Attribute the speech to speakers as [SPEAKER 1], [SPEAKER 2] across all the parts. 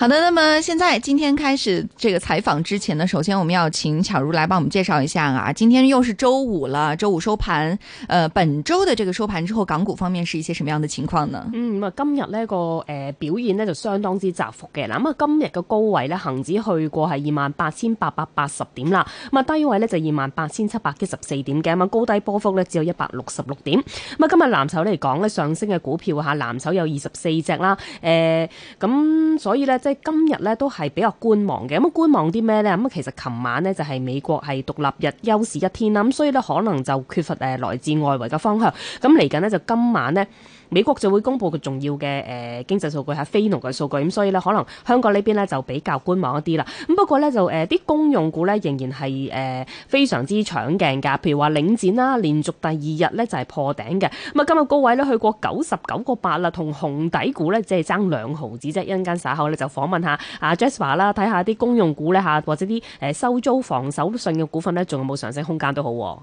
[SPEAKER 1] 好的，那麼現在今天開始這個採訪之前呢，首先我們要請巧如來幫我們介紹一下啊，今天又是周五了，周五收盤，呃本周的這個收盤之後，港股方面是一些什麼樣的情況
[SPEAKER 2] 呢？嗯，咁啊今日呢、呢個誒、呃、表現呢就相當之窄幅嘅，嗱咁啊今日嘅高位呢，恒指去過係二萬八千八百八十點啦，咁啊低位呢就二萬八千七百一十四點嘅，咁高低波幅呢只有一百六十六點，咁啊今日藍籌嚟講呢，上升嘅股票吓，藍籌有二十四隻啦，誒、呃、咁所以呢。即係今日咧都係比較觀望嘅，咁啊觀望啲咩咧？咁啊其實琴晚咧就係美國係獨立日休市一天啦，咁所以咧可能就缺乏誒來自外圍嘅方向，咁嚟緊咧就今晚咧。美國就會公布個重要嘅誒、呃、經濟數據，係非農嘅數據，咁所以呢，可能香港呢邊呢就比較觀望一啲啦。咁不過呢，就誒啲公用股呢，仍然係誒、呃、非常之搶鏡㗎。譬如話領展啦，連續第二日呢就係破頂嘅。咁啊今日高位呢，去過九十九個八啦，同紅底股呢，即係爭兩毫子啫。一陣間稍後呢，就訪問一下阿 Jasper 啦，睇下啲公用股呢，嚇或者啲誒收租防守性嘅股份呢，仲有冇上升空間都好。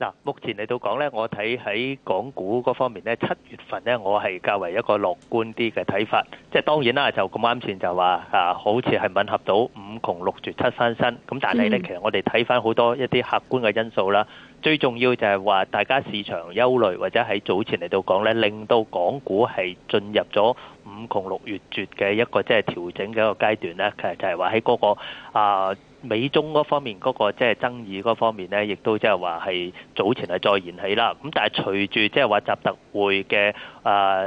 [SPEAKER 3] 嗱，目前嚟到講咧，我睇喺港股嗰方面咧，七月份咧，我係較為一個樂觀啲嘅睇法。即係當然啦，就咁啱先就話啊，好似係吻合到五窮六絕七翻身。咁但係咧，其實我哋睇翻好多一啲客觀嘅因素啦。最重要就係話，大家市場憂慮或者喺早前嚟到講咧，令到港股係進入咗五窮六月絕嘅一個即係調整嘅一個階段呢，其實就係話喺嗰個啊美中嗰方面嗰個即係爭議嗰方面呢，亦都即係話係早前係再燃起啦。咁但係隨住即係話習特會嘅啊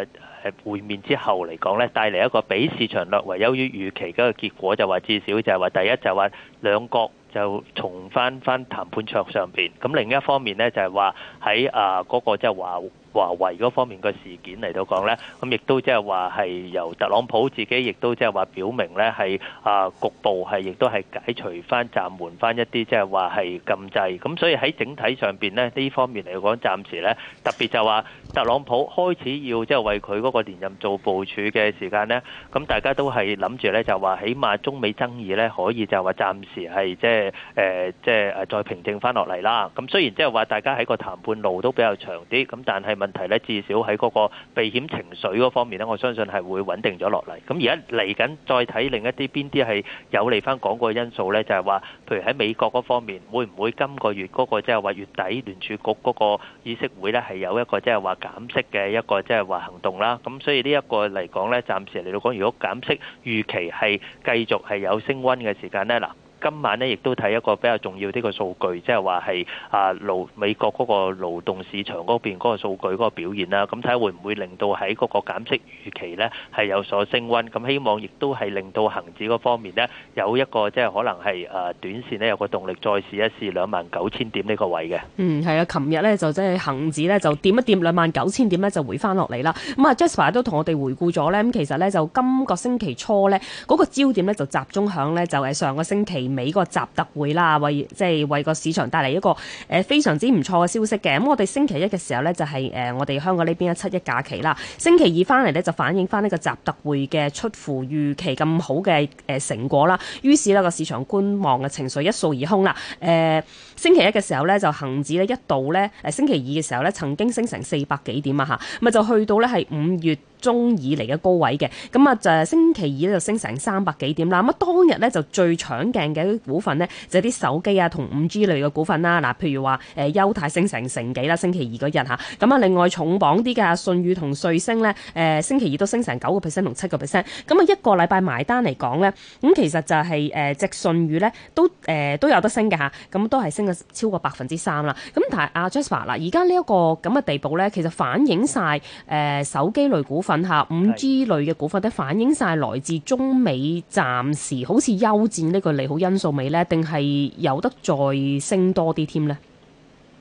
[SPEAKER 3] 會面之後嚟講呢，帶嚟一個比市場略為優於預期嘅一個結果，就話至少就係話第一就係話兩國就重返返談判桌上邊。咁另一方面呢，就係話喺啊嗰個即係話。華為嗰方面嘅事件嚟到講咧，咁亦都即係話係由特朗普自己，亦都即係話表明咧，係啊局部係亦都係解除翻暫緩翻一啲即係話係禁制，咁所以喺整體上邊咧呢這方面嚟講暫時咧特別就話。特朗普開始要即係為佢嗰個連任做部署嘅時間呢，咁大家都係諗住呢就話起碼中美爭議呢可以就話暫時係即係誒即係誒再平靜翻落嚟啦。咁雖然即係話大家喺個談判路都比較長啲，咁但係問題呢，至少喺嗰個避險情緒嗰方面呢，我相信係會穩定咗落嚟。咁而家嚟緊再睇另一啲邊啲係有利翻港股嘅因素呢，就係話，譬如喺美國嗰方面，會唔會今個月嗰個即係話月底聯儲局嗰個議息會呢係有一個即係話減息嘅一個即係話行動啦，咁所以呢一個嚟講咧，暫時嚟到講，如果減息預期係繼續係有升溫嘅時間咧，嗱。今晚呢，亦都睇一個比較重要呢個數據，即係話，係啊勞美國嗰個勞動市場嗰邊嗰個數據嗰個表現啦。咁睇會唔會令到喺嗰個減息預期呢，係有所升溫？咁希望亦都係令到恒指嗰方面呢，有一個即係可能係啊短線呢有個動力再試一試兩萬九千點呢個位嘅。嗯，
[SPEAKER 2] 係啊，琴日呢，就即係恒指呢，就掂一掂兩萬九千點呢，29, 點就回翻落嚟啦。咁、嗯、啊，Jasper 都同我哋回顧咗呢，咁其實呢，就今個星期初呢嗰、嗰個焦點呢，就集中響呢，就係上個星期。美國習特會啦，為即係為個市場帶嚟一個誒非常之唔錯嘅消息嘅。咁我哋星期一嘅時候呢，就係誒我哋香港呢邊嘅七一假期啦。星期二翻嚟呢，就反映翻呢個習特會嘅出乎預期咁好嘅誒成果啦。於是呢個市場觀望嘅情緒一掃而空啦。誒，星期一嘅時候呢，就恆指呢，一度呢誒星期二嘅時候呢，曾經升成四百幾點啊吓，咪就去到呢係五月。中以嚟嘅高位嘅，咁啊就星期二就升成三百幾點啦。咁啊當日咧就最搶鏡嘅啲股份咧就係啲手機啊同五 G 類嘅股份啦。嗱，譬如話誒優泰升成成幾啦，星期二嗰日吓，咁啊另外重磅啲嘅信譽同瑞星咧誒星期二都升成九個 percent 同七個 percent。咁啊一個禮拜埋單嚟講咧，咁其實就係誒即信譽咧都誒、呃、都有得升嘅吓，咁都係升咗超過百分之三啦。咁但係阿 Jasper 啦，而家呢一個咁嘅地步咧，其實反映晒誒、呃、手機類股份。問下五 G 類嘅股份，都反映晒來自中美暫時好似休戰呢個利好因素未呢？定係有得再升多啲添呢？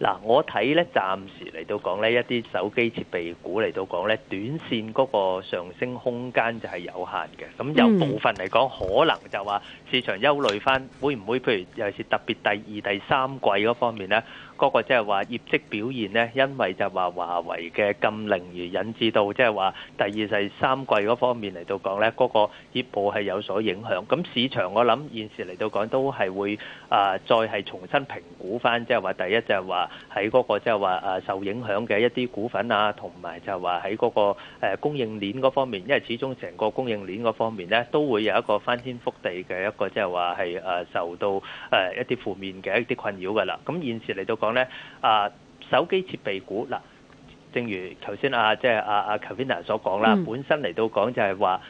[SPEAKER 3] 嗱，我睇呢暫時嚟到講呢，一啲手機設備股嚟到講呢，短線嗰個上升空間就係有限嘅。咁有部分嚟講、嗯，可能就話市場憂慮翻，會唔會譬如又是特別第二、第三季嗰方面呢？嗰個即係話業績表現呢，因為就話華為嘅禁令而引致到，即係話第二就三季嗰方面嚟到講呢，嗰個業報係有所影響。咁市場我諗現時嚟到講都係會啊，再係重新評估翻，即係話第一就係話喺嗰個即係話啊受影響嘅一啲股份啊，同埋就係話喺嗰個供應鏈嗰方面，因為始終成個供應鏈嗰方面呢，都會有一個翻天覆地嘅一個即係話係啊受到誒一啲負面嘅一啲困擾噶啦。咁現時嚟到講。咧啊，手機設備股嗱，正如頭先啊，即係啊啊 Kavina 所講啦，本身嚟到講就係話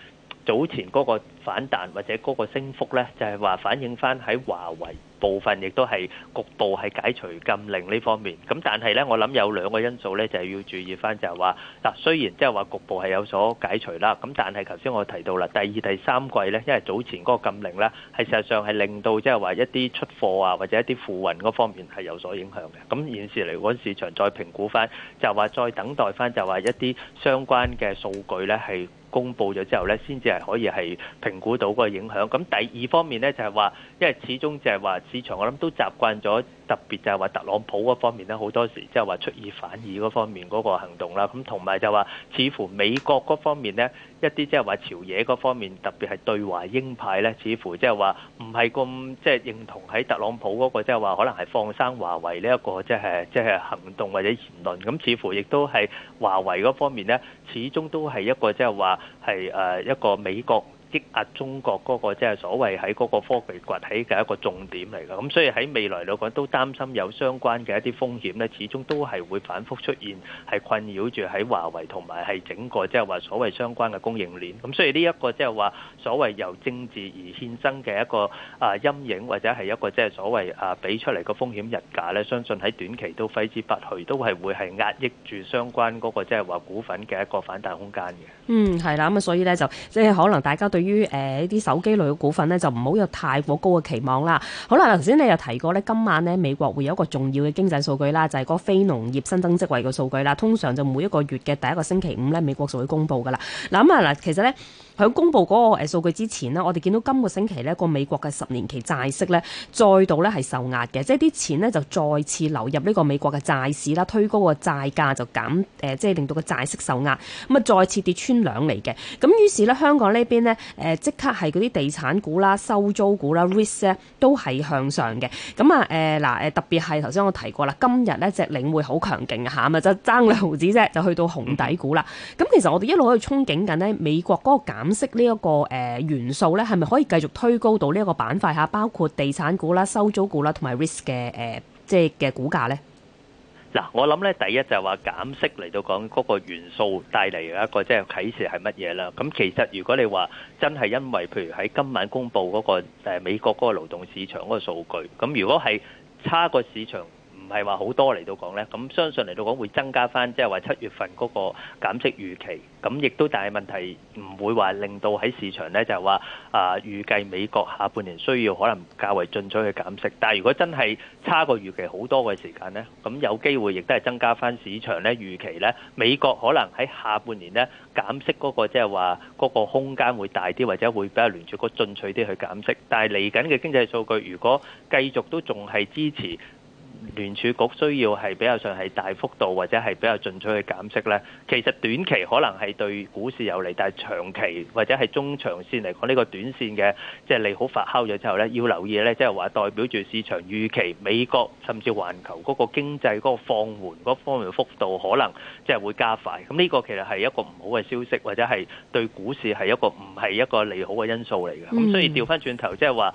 [SPEAKER 3] 早前嗰個反彈或者嗰個升幅咧，就係話反映翻喺華為。部分亦都係局部係解除禁令呢方面，咁但係咧，我諗有兩個因素咧，就係要注意翻，就係話嗱，雖然即係話局部係有所解除啦，咁但係頭先我提到啦，第二、第三季咧，因為早前嗰個禁令咧，係事實上係令到即係話一啲出貨啊，或者一啲付運嗰方面係有所影響嘅。咁現時嚟講，市場再評估翻，就話再等待翻，就話一啲相關嘅數據咧係。公布咗之後咧，先至係可以係評估到個影響。咁第二方面咧，就係話，因為始終就係話市場，我諗都習慣咗。特別就係話特朗普嗰方面咧，好多時即係話出爾反爾嗰方面嗰個行動啦，咁同埋就話似乎美國嗰方面呢，一啲即係話朝野嗰方面，特別係對華鷹派呢，似乎即係話唔係咁即係認同喺特朗普嗰個即係話可能係放生華為呢一個即係即係行動或者言論，咁似乎亦都係華為嗰方面呢，始終都係一個即係話係誒一個美國。壓中國嗰個即係所謂喺嗰個科技崛起嘅一個重點嚟㗎，咁所以喺未來嚟講都擔心有相關嘅一啲風險咧，始終都係會反覆出現，係困擾住喺華為同埋係整個即係話所謂相關嘅供應鏈。咁所以呢一個即係話所謂由政治而衍生嘅一個啊陰影，或者係一個即係所謂啊俾出嚟個風險日價咧，相信喺短期都揮之不去，都係會係壓抑住相關嗰個即係話股份嘅一個反彈空間嘅。嗯，
[SPEAKER 2] 係啦，咁啊所以咧就即係可能大家對。對於誒呢啲手機類嘅股份咧，就唔好有太過高嘅期望啦。好啦，頭先你又提過咧，今晚咧美國會有一個重要嘅經濟數據啦，就係個非農業新增職位嘅數據啦。通常就每一個月嘅第一個星期五咧，美國就會公布噶啦。嗱咁啊嗱，其實咧。喺公布嗰個誒數據之前呢，我哋見到今個星期呢個美國嘅十年期債息咧，再度咧，係受壓嘅，即係啲錢咧，就再次流入呢個美國嘅債市啦，推高個債價就減誒，即係令到個債息受壓，咁啊再次跌穿兩厘嘅。咁於是咧，香港呢邊呢，誒即刻係嗰啲地產股啦、收租股啦、risk 咧，都係向上嘅。咁啊誒嗱誒特別係頭先我提過啦，今日呢隻領匯好強勁下啊，就爭兩毫子啫，就去到紅底股啦。咁其實我哋一路可以憧憬緊呢美國嗰個減息呢一個誒元素咧，係咪可以繼續推高到呢一個板塊吓，包括地產股啦、收租股啦，同埋 risk 嘅，誒，即係嘅股價咧？
[SPEAKER 3] 嗱，我諗咧，第一就係話減息嚟到講嗰個元素帶嚟嘅一個即係啟示係乜嘢啦？咁其實如果你話真係因為譬如喺今晚公布嗰個誒美國嗰個勞動市場嗰個數據，咁如果係差個市場。係話好多嚟到講呢，咁相信嚟到講會增加翻，即係話七月份嗰個減息預期。咁亦都，大問題唔會話令到喺市場呢，就係話啊，預計美國下半年需要可能較為進取去減息。但係如果真係差過預期好多嘅時間呢，咁有機會亦都係增加翻市場呢預期呢。美國可能喺下半年呢減息嗰、嗰個即係話嗰個空間會大啲，或者會比較連續個進取啲去減息。但係嚟緊嘅經濟數據如果繼續都仲係支持。聯儲局需要係比較上係大幅度或者係比較進取去減息呢，其實短期可能係對股市有利，但係長期或者係中長線嚟講，呢個短線嘅即係利好發酵咗之後呢，要留意呢，即係話代表住市場預期美國甚至環球嗰個經濟嗰個放緩嗰方面嘅幅度可能即係會加快。咁呢個其實係一個唔好嘅消息，或者係對股市係一個唔係一個利好嘅因素嚟嘅。咁所以調翻轉頭，即係話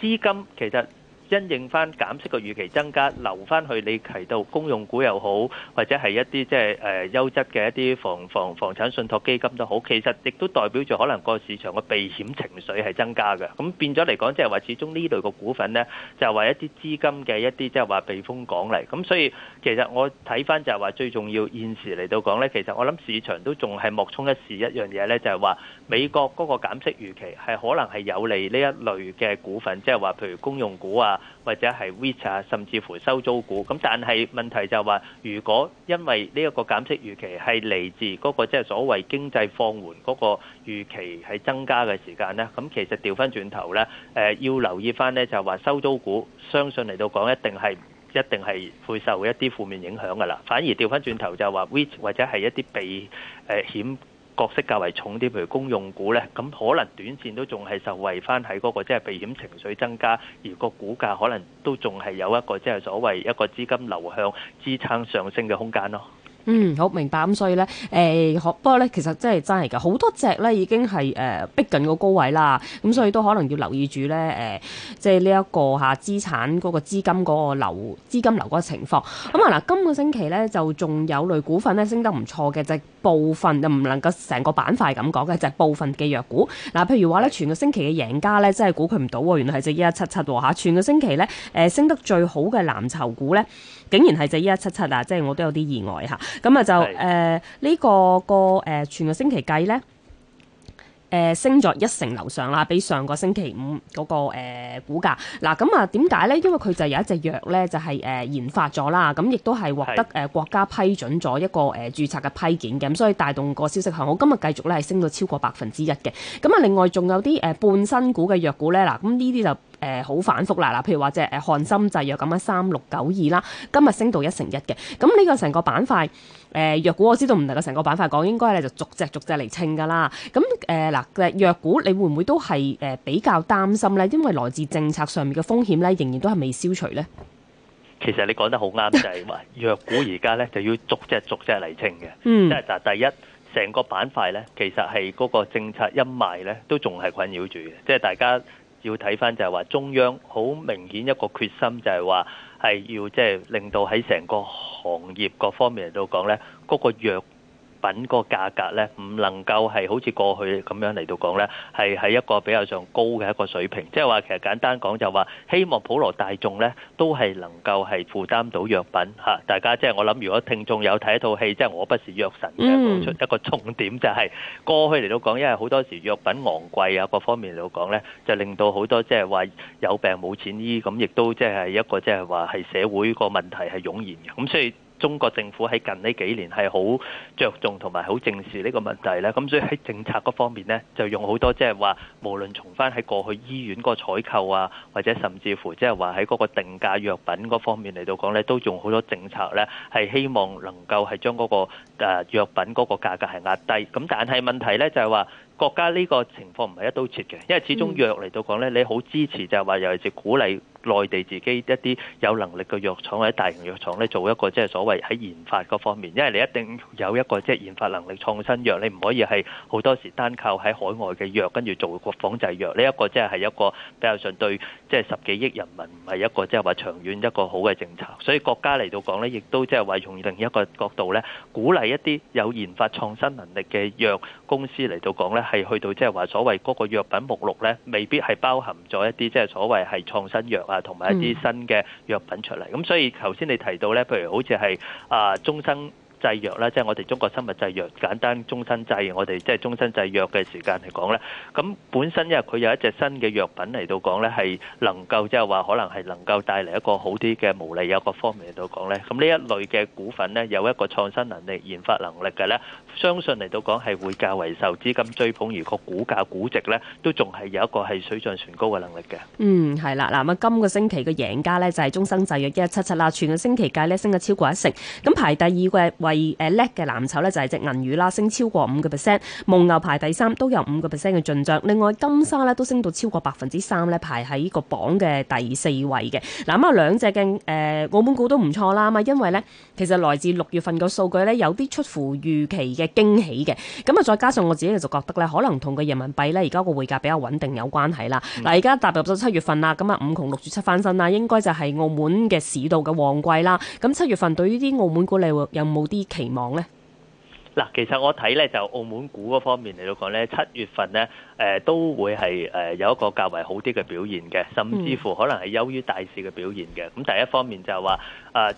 [SPEAKER 3] 資金其實。因應翻減息嘅預期增加，留翻去你提到公用股又好，或者係一啲即係誒優質嘅一啲房房房產信託基金都好，其實亦都代表住可能個市場嘅避險情緒係增加嘅。咁變咗嚟講，即係話始終呢類個股份呢，就係話一啲資金嘅一啲即係話避風港嚟。咁所以其實我睇翻就係話最重要現時嚟到講呢，其實我諗市場都仲係莫衷一是一樣嘢呢，就係話。美國嗰個減息預期係可能係有利呢一類嘅股份，即係話譬如公用股啊，或者係 REIT 啊，甚至乎收租股。咁但係問題就係話，如果因為呢一個減息預期係嚟自嗰個即係所謂經濟放緩嗰個預期係增加嘅時間呢，咁其實掉返轉頭呢，誒要留意返呢就係話收租股相信嚟到講一定係一定係會受一啲負面影響㗎啦。反而掉返轉頭就係話 REIT 或者係一啲被誒險，角色較為重啲，譬如公用股呢，咁可能短線都仲係受惠翻喺嗰個即係、就是、避險情緒增加，而個股價可能都仲係有一個即係、就是、所謂一個資金流向支撐上升嘅空間咯。
[SPEAKER 2] 嗯，好明白咁，所以咧，誒，不過咧，其實真係真係噶，好多隻咧已經係誒逼近個高位啦，咁所以都可能要留意住咧，誒、呃，即係呢一個吓啊、資產嗰個資金嗰個流資金流嗰個情況。咁、嗯、啊嗱，今個星期咧就仲有類股份咧升得唔錯嘅，就係、部分又唔能夠成個板塊咁講嘅，就係、部分嘅藥股。嗱、啊，譬如話咧，全個星期嘅贏家咧真係估佢唔到喎，原來係隻一一七七喎吓。全個星期咧，誒、啊，升得最好嘅藍籌股咧，竟然係隻一一七七啊，即係我都有啲意外吓。啊咁啊就誒呢、呃這個個誒、呃、全個星期計咧，誒、呃、升咗一成樓上啦，比上個星期五嗰、那個誒、呃、股價。嗱咁啊，點解咧？因為佢就有一隻藥咧，就係、是、誒、呃、研發咗啦，咁、啊、亦都係獲得誒國家批准咗一個誒註冊嘅批件嘅，咁所以帶動個消息向好。今日繼續咧係升到超過百分之一嘅。咁啊，另外仲有啲誒、呃、半新股嘅藥股咧，嗱咁呢啲就。誒、呃，好反覆啦，嗱，譬如話即係誒，翰森製藥咁樣三六九二啦，今日升到一成一嘅，咁呢個成個板塊誒，藥、呃、股我知道唔能夠成個板塊講，應該咧就逐隻逐隻釐清噶啦。咁誒，嗱、呃、藥股你會唔會都係誒、呃、比較擔心咧？因為來自政策上面嘅風險咧，仍然都係未消除咧。
[SPEAKER 3] 其實你講得好啱，就係藥股而家咧就要逐隻逐隻釐清嘅，即、嗯、係嗱，第一成個板塊咧，其實係嗰個政策陰霾咧，都仲係困擾住嘅，即係大家。要睇翻就係話中央好明顯一個決心，就係話係要即係令到喺成個行業各方面嚟到講咧，嗰、那個藥品個價格咧，唔能夠係好似過去咁樣嚟到講咧，係喺一個比較上高嘅一個水平。即係話其實簡單講就話，希望普羅大眾咧都係能夠係負擔到藥品嚇。大家即係我諗，如果聽眾有睇一套戲，即係《我不是藥神》嘅，講出一個重點就係過去嚟到講，因為好多時藥品昂貴啊，各方面嚟到講咧，就令到好多即係話有病冇錢醫，咁亦都即係一個即係話係社會個問題係湧現嘅。咁所以中國政府喺近呢幾年係好着重同埋好正視呢個問題咧，咁所以喺政策嗰方面呢，就用好多即係話無論從翻喺過去醫院嗰個採購啊，或者甚至乎即係話喺嗰個定價藥品嗰方面嚟到講呢，都用好多政策呢，係希望能夠係將嗰個誒藥品嗰個價格係壓低。咁但係問題呢，就係話。國家呢個情況唔係一刀切嘅，因為始終藥嚟到講咧，你好支持就係話，尤其是鼓勵內地自己一啲有能力嘅藥廠或者大型藥廠咧，做一個即係所謂喺研發嗰方面，因為你一定有一個即係研發能力、創新藥，你唔可以係好多時單靠喺海外嘅藥跟住做個仿製藥。呢一個即係係一個比較上對即係十幾億人民唔係一個即係話長遠一個好嘅政策。所以國家嚟到講咧，亦都即係話用另一個角度咧，鼓勵一啲有研發創新能力嘅藥公司嚟到講咧。係去到即係話所謂嗰個藥品目錄咧，未必係包含咗一啲即係所謂係創新藥啊，同埋一啲新嘅藥品出嚟。咁、嗯、所以頭先你提到咧，譬如好似係啊中生，製藥啦，即係我哋中國生物製藥，簡單中生製，我哋即係中生製藥嘅時間嚟講咧。咁本身因為佢有一隻新嘅藥品嚟到講咧，係能夠即係話可能係能夠帶嚟一個好啲嘅毛利有個方面嚟到講咧。咁呢一類嘅股份咧，有一個創新能力、研發能力嘅咧，相信嚟到講係會較為受資金追捧，而個股價、估值咧都仲係有一個係水漲船高嘅能力嘅。嗯，
[SPEAKER 2] 係啦，嗱咁今個星期嘅贏家咧就係中生製藥一七七啦，全個星期計咧升咗超過一成，咁排第二嘅位。第二叻嘅藍籌咧，啊、就係隻銀娛啦，升超過五個 percent。蒙牛排第三，都有五個 percent 嘅進賬。另外金沙咧都升到超過百分之三咧，排喺呢個榜嘅第四位嘅。嗱咁啊，兩隻嘅誒、呃、澳門股都唔錯啦。咁啊，因為咧其實來自六月份個數據咧有啲出乎預期嘅驚喜嘅。咁啊，再加上我自己就覺得咧，可能同個人民幣咧而家個匯價比較穩定有關係啦。嗱、嗯，而家踏入咗七月份啦，咁啊五窮六絕七翻身啦，應該就係澳門嘅市道嘅旺季啦。咁七月份對於啲澳門股你會有冇啲期望呢
[SPEAKER 3] 嗱，其實我睇呢就澳門股嗰方面嚟到講呢，七月份呢。誒都會係誒有一個較為好啲嘅表現嘅，甚至乎可能係優於大市嘅表現嘅。咁第一方面就係話，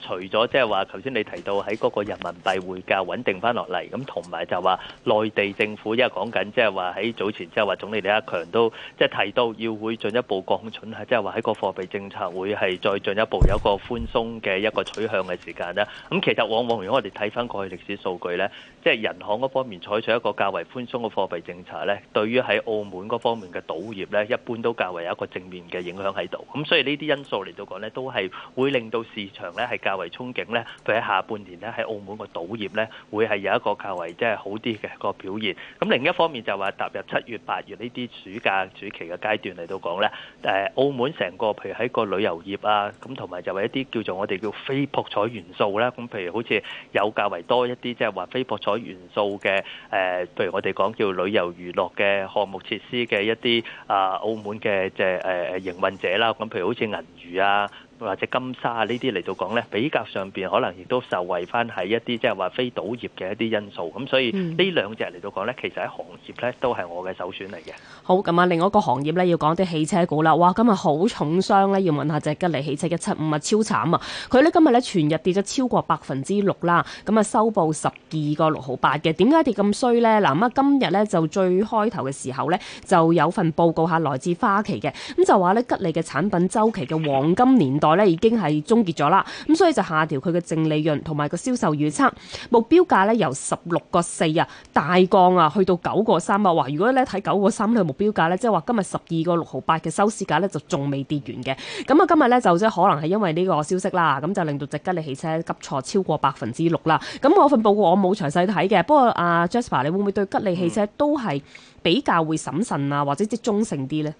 [SPEAKER 3] 除咗即係話，頭先你提到喺嗰個人民幣匯價穩定翻落嚟，咁同埋就話內地政府因為講緊即係話喺早前即係話總理李克強都即係提到要會進一步降準，即係話喺個貨幣政策會係再進一步有一個寬鬆嘅一個取向嘅時間啦。咁其實往往如果我哋睇翻過去歷史數據呢，即係人行嗰方面採取一個較為寬鬆嘅貨幣政策呢，對於喺澳門嗰方面嘅賭業咧，一般都較為有一個正面嘅影響喺度，咁所以呢啲因素嚟到講咧，都係會令到市場咧係較為憧憬咧，譬如喺下半年咧喺澳門個賭業咧，會係有一個較為即係好啲嘅個表現。咁另一方面就話踏入七月八月呢啲暑假暑期嘅階段嚟到講咧，誒澳門成個譬如喺個旅遊業啊，咁同埋就係一啲叫做我哋叫非博彩元素啦，咁譬如好似有較為多一啲即係話非博彩元素嘅誒，譬如我哋講叫旅遊娛樂嘅項目。設施嘅一啲啊，澳門嘅即係誒誒營運者啦，咁譬如好似銀娛啊。或者金沙啊呢啲嚟到講呢，比較上邊可能亦都受惠翻係一啲即係話非賭業嘅一啲因素，咁所以呢兩隻嚟到講呢，其實喺行業呢都係我嘅首選嚟嘅。
[SPEAKER 2] 好，咁啊，另外一個行業呢，要講啲汽車股啦，哇，今日好重傷呢，要問一下隻吉利汽車一七五啊，超慘啊！佢呢今日呢，全日跌咗超過百分之六啦，咁啊收報十二個六毫八嘅。點解跌咁衰呢？嗱咁啊，今日呢，就最開頭嘅時候呢，就有份報告下來自花旗嘅，咁就話呢，吉利嘅產品週期嘅黃金年代。已經係終結咗啦，咁所以就下調佢嘅淨利潤同埋個銷售預測目標價咧，由十六個四啊，大降啊去到九個三啊，哇！如果咧睇九個三嘅目標價咧，即係話今日十二個六毫八嘅收市價咧，就仲未跌完嘅，咁啊今日咧就即係可能係因為呢個消息啦，咁就令到隻吉利汽車急挫超過百分之六啦。咁我份報告我冇詳細睇嘅，不過阿 Jasper 你會唔會對吉利汽車都係比較會審慎啊，或者即中性啲咧？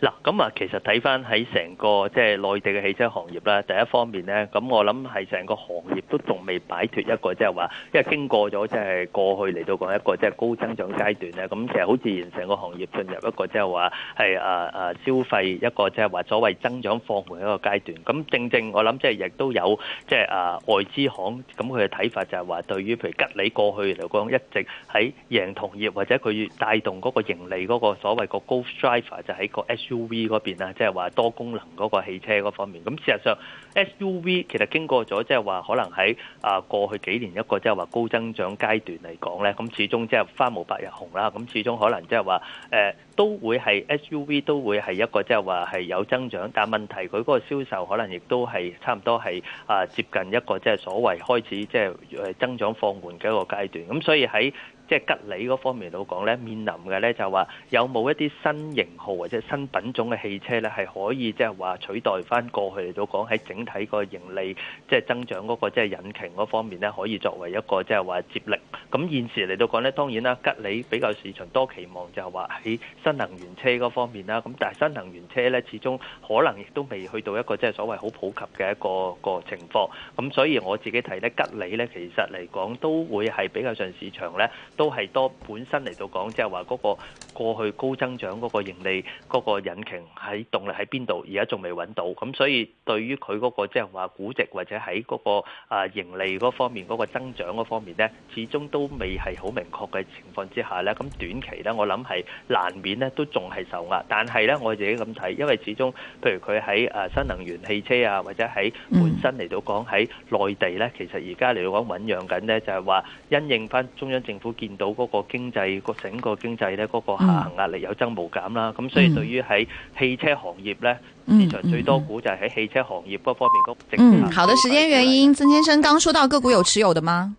[SPEAKER 3] 嗱咁啊，其實睇翻喺成個即係內地嘅汽車行業啦，第一方面咧，咁我諗係成個行業都仲未擺脫一個即係話，因為經過咗即係過去嚟到講一個即係高增長階段咧，咁其實好自然成個行業進入一個即係話係啊啊消費一個即係話所謂增長放緩一個階段，咁正正我諗即係亦都有即係啊外資行咁佢嘅睇法就係話，對於譬如吉利過去嚟講一直喺贏同業或者佢帶動嗰個盈利嗰個所謂個高 driver 就喺個 S。SUV 嗰邊啊，即係話多功能嗰個汽車嗰方面，咁事實上 SUV 其實經過咗即係話可能喺啊過去幾年一個即係話高增長階段嚟講咧，咁始終即係花無百日紅啦，咁始終可能即係話誒都會係 SUV 都會係一個即係話係有增長，但係問題佢嗰個銷售可能亦都係差唔多係啊接近一個即係所謂開始即係誒增長放緩嘅一個階段，咁所以喺即係吉利嗰方面嚟到講咧，面臨嘅咧就係話有冇一啲新型號或者新品種嘅汽車咧，係可以即係話取代翻過去嚟到講喺整體個盈利即係增長嗰個即係引擎嗰方面咧，可以作為一個即係話接力。咁現時嚟到講咧，當然啦，吉利比較市場多期望就係話喺新能源車嗰方面啦。咁但係新能源車咧，始終可能亦都未去到一個即係所謂好普及嘅一個個情況。咁所以我自己睇咧，吉利咧其實嚟講都會係比較上市場咧。都係多本身嚟到講，即係話嗰個過去高增長嗰個盈利嗰個引擎喺動力喺邊度，而家仲未揾到。咁所以對於佢嗰個即係話估值或者喺嗰個啊盈利嗰方面嗰個增長嗰方面咧，始終都未係好明確嘅情況之下咧。咁短期咧，我諗係難免咧都仲係受壓。但係咧，我自己咁睇，因為始終譬如佢喺啊新能源汽車啊，或者喺本身嚟到講喺內地咧，其實而家嚟到講醞釀緊咧，就係話因應返中央政府建到嗰個經濟整個經濟咧，嗰個下行壓力有增無減啦。咁、嗯、所以對於喺汽車行業咧，市、嗯、場最多股就係喺汽車行業嗰方面股。嗯，嗯好的，
[SPEAKER 1] 時間原因，曾先生剛說到個股有持有的嗎？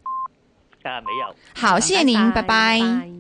[SPEAKER 3] 啊，沒有。
[SPEAKER 1] 好，謝謝您，拜拜。拜拜